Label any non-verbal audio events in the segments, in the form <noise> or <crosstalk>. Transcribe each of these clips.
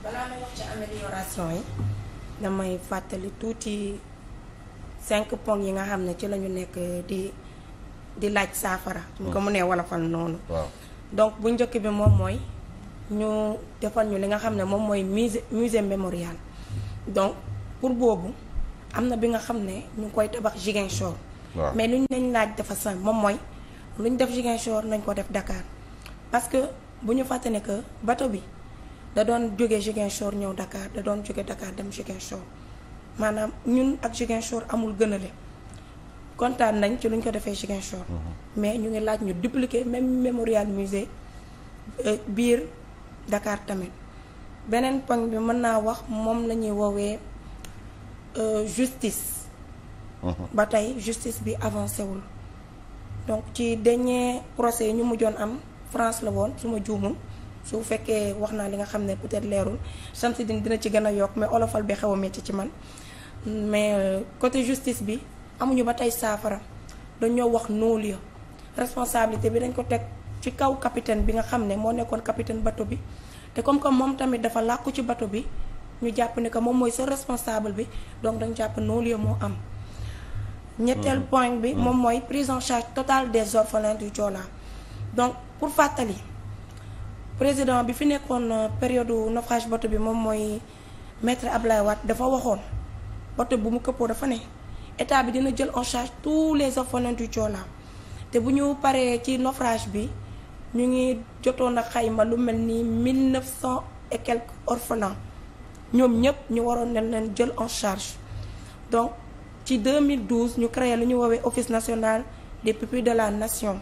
balaa may wax ci amélioration yi damay fàttali tuuti cinq points yi nga xam ne ci la ñu nekk di di laaj saafara. ñu ko mënee hmm. wolofal noonu. donc bu njëkk bi moom mooy ñu defal ñu li nga xam ne moom mooy musée musée mémorial. donc pour boobu am na bi nga xam ne ñu ngi koy tabax Ziguinchor. mais ñu nañ laaj dafa sax moom mooy lu ñu def Ziguinchor nañ ko def dakaar parce que bu ñu fàtte ne que bato bi. da doon jóge Ziguinchor ñëw dakaar da doon jóge dakaar dem Ziguinchor maanaam ñun ak Ziguinchor amul gënale kontaan nañ ci luñ ko defee Ziguinchor mhm. mais ñu ngi laaj ñu dupliquer même mémorial musée euh, biir dakaar tamit beneen poñ bi mën naa wax moom la ñuy woowee euh, justice mhm. ba tey justice bi avancé wul donc ci dernier procès yi ñu mujjoon am France la woon su ma juumul su fekkee wax naa li nga xam ne peut-être leerul Chamsidine dina ci gën a yokk mais olofal bi xaw a métti ci man mais euh, côté justice bi amuñu ba tey saafara dañ dañoo wax non-lieu responsabilité bi dañ ko teg ci kaw capitaine bi nga xam ne moo nekkoon capitaine bateau bi te comme que moom tamit dafa làkku ci bateau bi ñu jàpp ne que moom mooy sa responsable bi donc dañ jàpp non-lieu moo am ñetteel mhm. point bi mhm. moom mooy prise en charge totale des orphelins du Joola donc pour fàttali président bi fi nekkoon euh, période naufrage bato bi moom mooy maître Ablaye Wade dafa waxoon bato bu mu këppoo dafa ne état bi dina jël en charge tous les orphelins du Joola te bu ñu paree ci naufrage bi ñu ngi jotoon a xayma lu mel ni mille neuf cent et quelques orphelins ñoom ñëpp ñu waroon nañ leen jël en charge donc ci 2012 ñu créé lu ñu woowee office national des pupilles de la nation.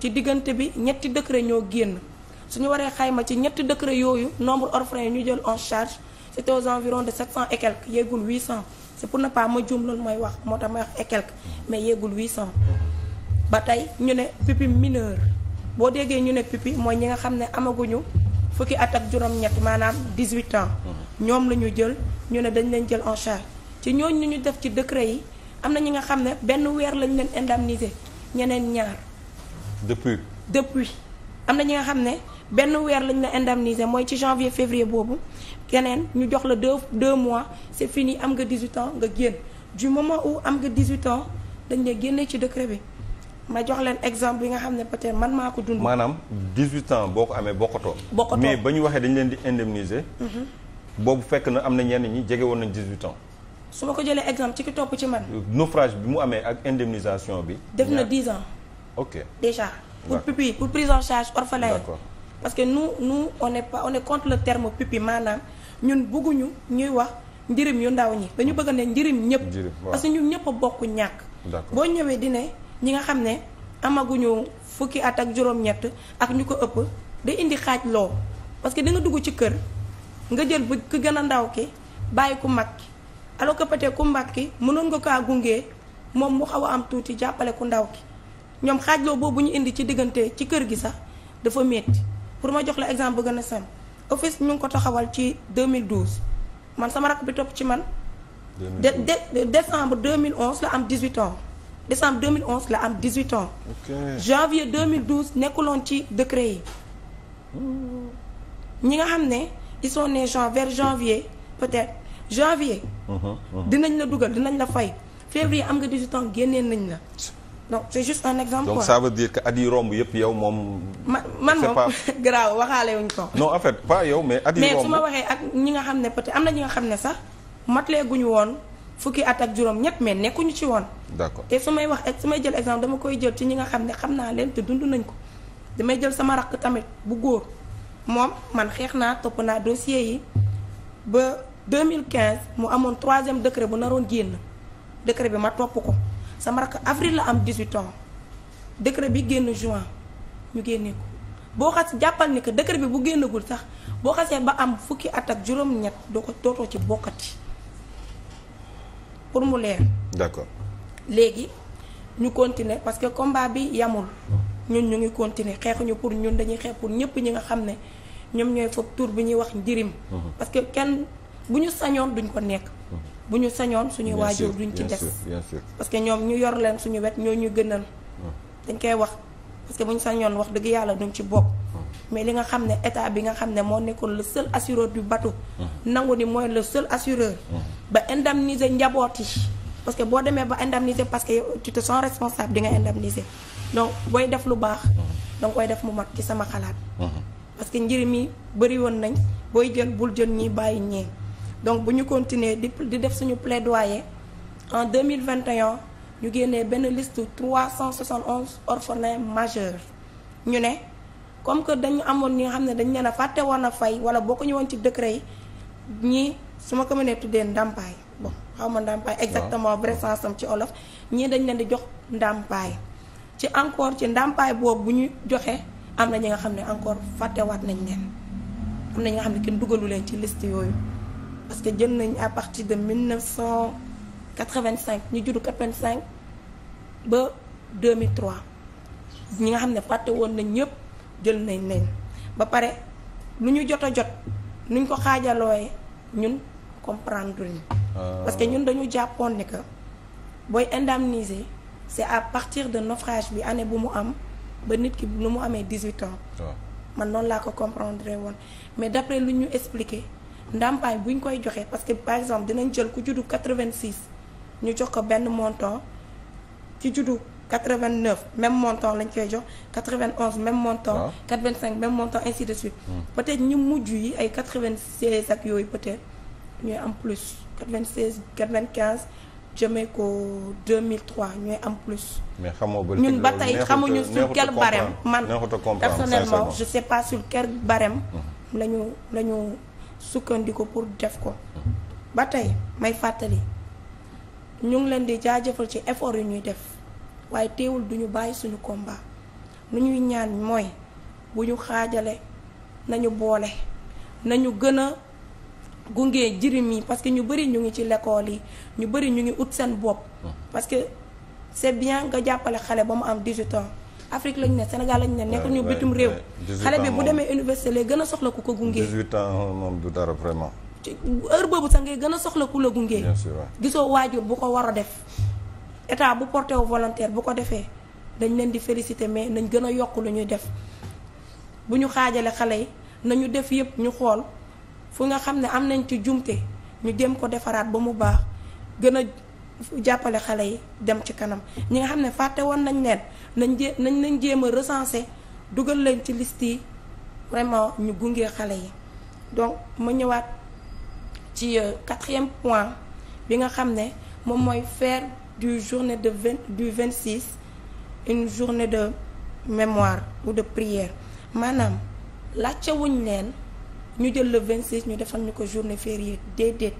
ci diggante bi ñetti décret ñoo génn. su ñu waree xayma ci ñetti décret yooyu nombre orphelins yi ñu jël en charge c' était aux de 700 et quelques yeegul 800 cent est pour ne pas ma juum loolu mooy wax moo tax may wax et quelques mais yeegul 800. ba tey ñu ne pipi mineur boo déggee ñu ne pipi mooy ñi nga xam ne amaguñu fukki at ak juróom-ñett maanaam 18 ans. ñoom la ñu jël ñu ne dañ leen jël en charge ci ñooñu ñu def ci décret yi am na ñi nga xam ne benn weer lañ leen indemniser ñeneen ñaar. depuis depuis am na ñi nga xam ne. benn weer lañ la indemniser mooy ci janvier février boobu keneen ñu jox la deux deux mois c'est fini am nga 18 ans nga génn ju moment où am nga 18 ans dañ la génne ci décret bi ma jox leen exemple bi nga xam ne peut-être man maa ko dund. maanaam 18 ans boo ko amee bokkatoo. bokkatoo mais ba ñu waxee dañ leen di indemniser. Mhm. boobu fekk na am na ñenn ñi jege woon nañ 18 ans. su ma ko jëlee exemple ci ki topp ci man. naufrage bi mu amee ak indemnisation bi. def na 10 ans. ok déjà. pour pupille pour prise en charge parce que nous nous on est on est le terme pipi maanaam ñun bëgguñu ñuy wax njëriñ yu ndaw ñi dañu bëgg ne njëriñ ñëpp. parce que ñun ñëpp a bokk ñàkk. boo ñëwee di ñi nga xam ne amaguñu fukki at ak juróom-ñett ak ñu ko ëpp day indi xaaj loo parce que da dugg ci kër nga jël bu ku gën a ndaw ki bàyyi ku mag ki alors que peut-être ku mag ki mënoon nga kaa gunge moom mu xaw a am tuuti jàppale ku ndaw ki ñoom xaajloo boobu ñu indi ci diggante ci kër gi sax dafa metti pour ma jox la exemple bu gën a simple office ñu ngi ko taxawal ci 2012 man sama rakk bi topp ci man. de de décembre 2011 la am 18 ans décembre 2011 la am 18 ans. ok janvier 2012 nekkuloon ci décret yi. ñi nga xam ne di sont nés genre vers janvier peut-être janvier. Uh-huh, uh-huh. dinañ la dugal dinañ la fay février am nga 18 ans génnee nañ la. donc c'est juste un exemple. donc quoi. ça veut dire que romb yëpp yow moom. man man moom <laughs> garaaw waxaale wuñ ko. non en fait pas yow mais. at yi romb mais su ma waxee ak ñi nga xam ne peut-être am na ñi nga xam ne sax matalee guñu woon fukki at ak juróom ñett mais nekkuñu ci woon. d'accord te su may wax su may jël exemple dama koy jël ci ñi nga xam ne xam naa leen te dund nañ ko damay jël sama rakk tamit bu góor moom man xeex naa topp naa dossier yi ba 2015 mu amoon troisième décret bu naroon génn décret bi ma topp ko. sama rakk avril la am 18 ans bi génn juin ñu génne ko boo xas jàppal ni que décret bi bu génnagul sax boo xasee ba am fukki at ak juróom-ñett doo ko dootoo ci bokkati pour mu leer. d'accord léegi ñu continuer parce que combat bi yamul ñun ñu ngi continuer xeexuñu pour ñun dañuy xeex pour ñëpp ñi nga xam ne ñoom ñooy foog tur bi ñuy wax njëriñ. Mhm. parce que kenn bu ñu sañoon duñ ko nekk. bu ñu sañoon suñu waajur duñ ci des parce que ñoom ñu yor leen suñu wet ñoo ñu gënal hmm. dañ koy wax parce que bu ñu sañoon wax dëgg yàlla duñ ci bokk hmm. mais li nga xam ne état bi nga xam ne moo nekkoon le seul assureur du bateau hmm. nangu ni mooy le seul assureur ba indemniser njaboot yi parce que boo demee ba indemniser parce que tu te sens responsable di nga indemniser donc booy def lu baax danga koy def mu mat ci sama xalaat parce que njëriñ mi bëri woon nañ booy jën bul jën ñi bàyyi ñii donc bu ñu continuer di di def suñu plaidoyer en 2021 ñu génnee benn liste 371 orphelins majeurs ñu ne comme que dañu amoon ñi nga xam ne dañ leen a fàtte woon a fay wala boo ko ñu ci décret yi ñii su ma ko mënee tuddee ndàmpaay bon xaw ma ndàmpaay exactement vrai sens am ci olof ñii dañ leen di jox ndàmpaay ci encore ci ndàmpaay boobu bu ñu joxe am na ñi nga xam ne encore waat nañ leen am na ñi nga xam ne kenn dugalu leen ci liste yooyu parce que jël nañ à partir de 1985 ñu juddu cinq ba 2003 ñi nga xam ne fàtte woon nañ ñëpp jël nañ leen ba pare lu ñu jot a jot nuñ ko xaajalooyee ñun comprendre ñu ah. parce que ñun dañu jàppoon ne que booy indemniser c'est à partir de nofrage bi année bu mu am ba nit ki nu mu amee 18 ans. Ah. man noonu laa ko comprendre woon mais d'après lu ñu expliqué. ndàmpaay buñ koy joxee parce que par exemple dinañ jël ku juddu 86 ñu jox ko benn montant ci juddu 89 même montant lañ koy jox 91 même montant. 85 même montant ainsi de suite. Hmm. peut-être ñu mujj yi ay 96 ak yooyu peut-être am plus 96 95 jëmee ko 2003 ñooy am plus. mais xamoo ba ñun ba tey xamuñu sur quel barème man personnellement je sais pas sur quel barème. Hmm. la ñu sukkandiku pour def ko ba tey may fàttali ñu ngi leen di jaajëfal ci effort yu ñuy def waaye teewul duñu bàyyi suñu komba lu ñuy ñaan mooy bu ñu xaajale nañu boole nañu gën a gunge jirim yi parce que ñu bëri ñu ngi ci lekkool yi ñu bëri ñu ngi ut seen bopp mm. parce que c'est bien nga jàppale xale ba mu am 18 Afrique lañ ne Sénégal lañu neen nekkul ñu bitum réew. xale bi bu demee université lay gën a soxla ku ko gungee 18 ans moom du dara vraiment. ci heure boobu sax ngay gën a soxla ku la gunge. bien sûr gisoo waajur bu ko war a def état bu porté wu volontaire bu ko defee dañ leen di féliciter mais nañ gën a yokk lu ñuy def bu ñu xaajale xale yi nañu def yëpp ñu xool fu nga xam ne am nañ ci jumte ñu jéem ko defaraat ba mu baax gën a. jàppale xale yi dem ci kanam ñi nga xam ne fàtte woon nañ leen nañ jé nañ nañ jéem a recenser dugal leen ci liste yi vraiment ñu gunge xale yi donc ma ñëwaat ci euh, quatrième point bi nga xam ne moom mooy faire du journée de vingt du vingt six une journée de mémoire ou de prière maanaam laajte wuñ leen ñu jël le vingt six ñu defal ñu ko journée fériée déedéet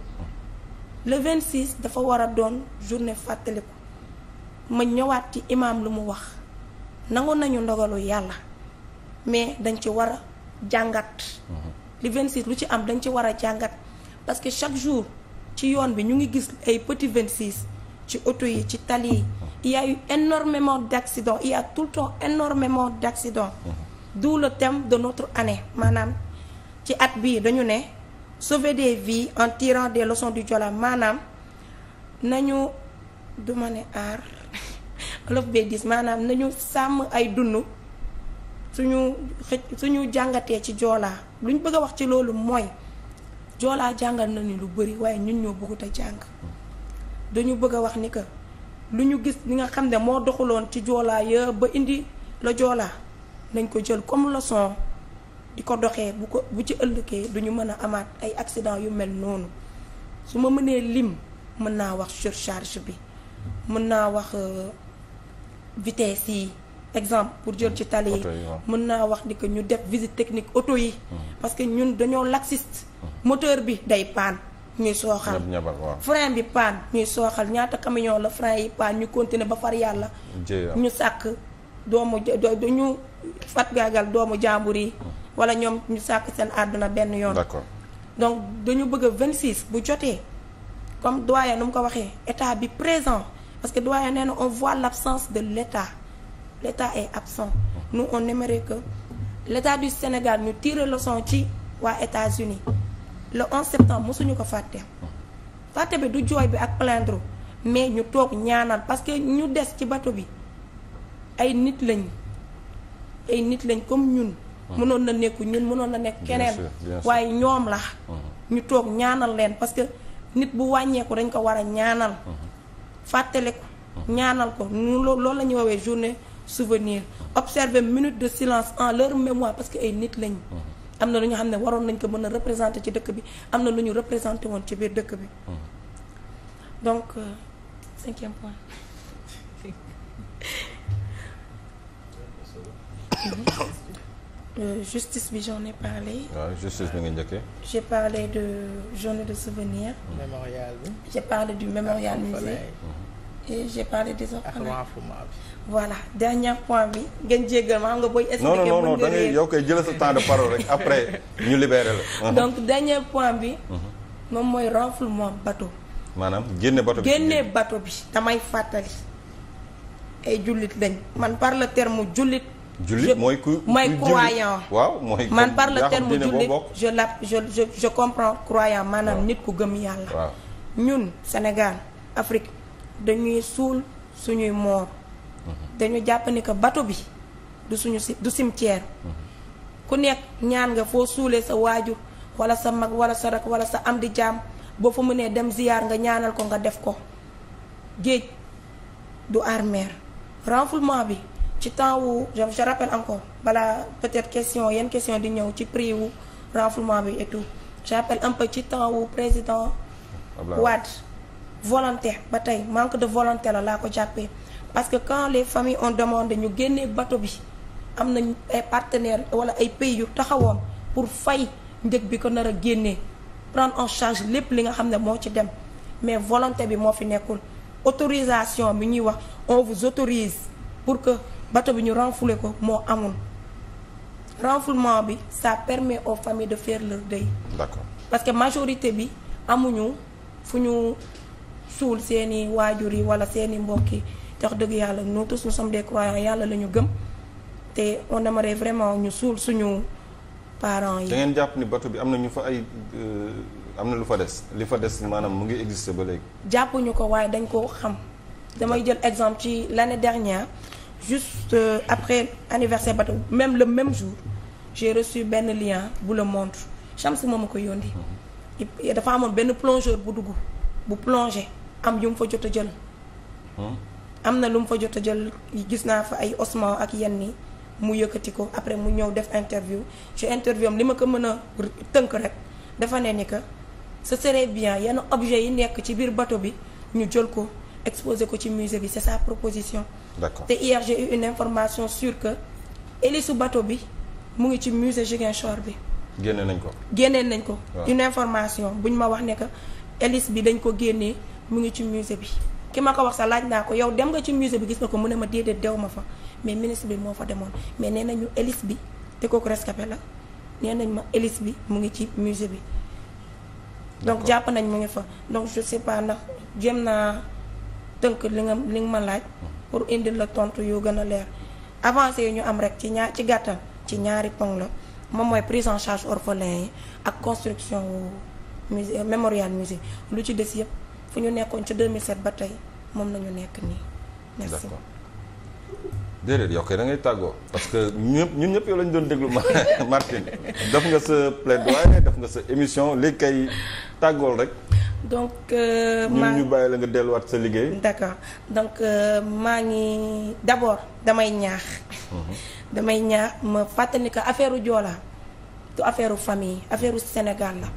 le 26 dafa war a doon journée fàttaliku ma ñëwaat ci imaam lu mu wax nangu nañu ndogalu yàlla mais dañ ci war a jàngat. Mhm. le 26 lu ci am dañ ci war a jàngat parce que chaque jour ci yoon bi ñu ngi gis ay vingt 26 ci oto yi ci tali yi il y a eu énormément d'accidents il y tout le temps énormément d'accidents mhm. d'où le thème de notre année maanaam ci at bii dañu ne. sauver des vies en tirant des leçons du Joola maanaam nañu du ma ne aar <laughs> olof bee gis maanaam nañu sàmm ay dund suñu xëj suñu jàngatee ci Joola luñ bëgg a wax ci loolu mooy joolaa jàngal nañu lu bëri waaye ñun ñoo bëggut a jàng dañu bëgg a wax ni que lu ñu gis li nga xam ne moo doxuloon ci joolaa ya ba indi la Joola nañ ko jël comme leçon di ko doxee bu ko bu ci ëllëgee du ñu mën a amaat ay accident yu mel noonu su ma mënee lim mën naa wax surcharge bi mën naa wax euh, vitesse yi exemple pour jël ci tali mën naa wax ni que ñu def visite technique auto yi hmm. parce que ñun dañoo laxiste hmm. moteur bi day paan ñuy sooxal frein bi paan ñuy sooxal ñaata camion la frein yi paan ñu continuer ba far yàlla ñu sàkk doomu ñu fat gaagal doomu jàmbur yi hmm. wala ñoom ñu sàkk seen àdduna benn yoon. d'accord donc dañu bëgg a 26 bu jotee comme doyen nu mu ko waxee état bi présent parce que doyen nee na on voit l'absence de l'état l'état est absent nous on aimerait que l'état du Sénégal ñu tire leçon ci waa États-Unis le 11 septembre mosuñu ko fàtte. fàtte bi du jooy bi ak plaindre mais ñu toog ñaanal parce que ñu des ci bato bi ay nit lañ ay nit lañ comme ñun. mënoon na nekku ñun mënoon na nekk keneen waaye ñoom la ñu toog ñaanal leen parce que nit bu wàññeeku dañ ko war a ñaanal fàttale ko ñaanal ko loolu la ñuy woowee journée souvenir observer minute de silence en leur mémoire parce que ay nit lañ am na lu ñu xam ne waroon nañ ko mën a représenté ci dëkk bi am na lu ñu représenté woon ci biir dëkk bi donc euh, <laughs> de euh, justice bi j'en ai parlé. waaw ouais, justice bi nga njëkkee. j'ai parlé de journée de souvenir. Mm-hmm. mémorial bi. j'ai parlé du mémorial musée. Mm-hmm. et j'ai parlé des orphelins. voilà dernier point bi. ngeen jéggal ma nga booy. expliqué non non non da ngay yow koy jëlee sa temps de parole rek après ñu libéré la. <laughs> donc dernier point bi. Mm-hmm. moom mooy renflouement bateau. maanaam génne bateau bi génne bateau bi damay fàttali. ay jullit lañ man par le jullit. jullit mooy ku mooy croyant waaw mooy man par le terme jullit je la je je je comprends croyant maanaam nit ku gëm yàlla waaw ñun Sénégal Afrique dañuy suul suñuy moor mhm. dañu jàpp ni que bato bi du suñu si du cimetière mhm. ku nekk ñaan nga foo suulee sa waajur wala sa mag wala sa rak wala sa am di jaam boo fa mënee dem ziyaar nga ñaanal ko nga def ko géej du armeer renfoulement bi ci temps wu je rappelle encore balaa peut-être question yenn question di ñëw ci prix wu renflouement bi et tout je rappelle un peu ci temps wu président Wade volonté ba tey manque de volonté la laa ko jàppee parce que quand les familles on demandé ñu génnee bateau bi am nañ ay partenaires wala ay pays yu taxawoon pour fay njëg bi ko nar a génnee prendre en charge lépp li nga xam ne moo ci dem mais volonté bi moo fi nekkul autorisation bi ñuy wax on vous autorise bato bi ñu renfouler ko moo amoon renfoulement bi ça permet aux famille de fair la deuil. d'accord parce que majorité bi amuñu fu ñu suul seeni waajur yi wala seeni mbokk yi tax dëgg yàlla nous tous nous sommes des croyants yàlla la gëm te on aimerait vraiment ñu suul suñu parents yi. da jàpp ni bato bi am na ñu fa ay. Euh, am na lu fa des li fa des maanaam mu ngi exister ba léegi. jàppuñu ko waaye dañ koo xam damay jël exemple ci l'année dernière juste euh, après anniversaire bateau même le même jour j'ai reçu benn lien bu la montre Shams moom ma ko yónni mhm. dafa amoon benn plongeur bu dugg bu plongé am yu mu fa jot a jël mhm. am na lu mu fa jot a jël gis naa fa ay osman ak yenn ni mu yëkkati ko après mu ñëw def interview ci interview am li ma ko mën a tënk rek dafa ne ni que ce serait bien yenn objet yi nekk ci biir bateau bi ñu jël ko exposé ko ci musée bi c'est sa proposition d'accord te hier une information sûre que Elisu bateau bi mu ngi ci musée Ziguinchor bi. génne nañ ko. génnee nañ ko. une information buñ ma wax ne que Elis bi dañ ko génne mu ngi ci musée bi. ki ma ko wax sa laaj naa ko yow dem nga ci musée bi gis nga ko mu ne ma déedéet dew ma fa mais ministre bi moo fa demoon mais nee nañu élise bi te kooku rescapé la nee nañ ma élise bi mu ngi ci musée bi. donc jàpp nañ mu ngi fa donc je sais pas ndax jéem naa tënk li nga li nga ma laaj. Hmm. pour indil la tontu yoo gën a leer avancé yi ñu am rek ci ñaar ci gàttan ci ñaari pong la moom mooy prise en charge orphelin yi ak construction wu musée mémorial lu ci des yëpp fu ñu nekkoon ca ci 2007 ba tey moom nañu nekk nii merci déedéet yow kay da ngay tàggoo parce que ñëpp ñun ñëpp yow lañu doon déglu <laughs> Martine def nga sa plaidoyer def nga sa émission léegi kay tàggool rek donc euh, maa ñu bàyyi delluwaat sa liggéey. d'accord donc euh, maa ngi d'abord damay ñaax. Mhm. damay ñaax ma fàttali que affaire Joola du affaire famille affaire Sénégal la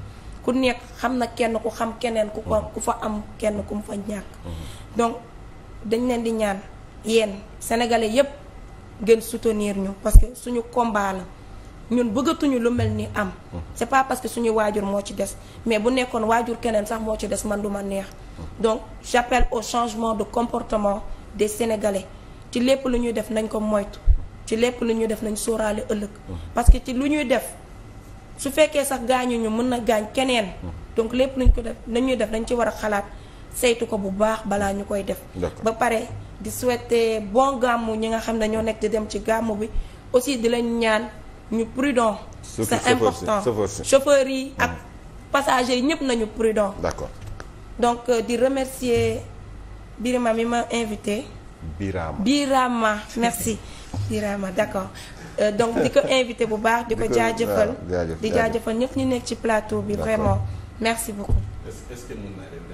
ku nekk xam na kenn ku xam keneen ku ko mhm. ku fa am kenn ku mu fa ñàkk. Mhm. donc dañ leen di ñaan yéen sénégalais yépp gën soutenir ñu parce que suñu combat ñun bëggatuñu lu mel ni am. Mm. c'est pas parce que suñu waajur moo ci des mais bu nekkoon waajur keneen sax moo ci des man du ma neex. Mm. donc j'appelle au changement de comportement des sénégalais ci lépp lu ñuy def nañ ko moytu ci lépp lu ñuy def nañ sóoraale ëllëg. Mm. parce que ci lu ñuy def su fekkee sax gaañu ñu mën na gaañ keneen. donc lépp lu ñu ko def nañuy def dañ ci war a xalaat saytu ko bu baax balaa ñu koy def. ba pare di souhaiter bon gàmmu ñi nga xam ne ñoo nekk di dem ci gàmmu bi aussi di lañ ñaan. ñu prudent. c'est important chauffeurs yi ak hmm. passagers yi ñëpp nañu prudent. d'accord donc euh, di remercier Birima mi ma invité. Birama Birama merci <laughs> Birama d'accord euh, donc di ko invité bu baax di <laughs> ko jaajëfal di jëfal ñëpp ñu nekk ci plateau bi vraiment merci beaucoup. est que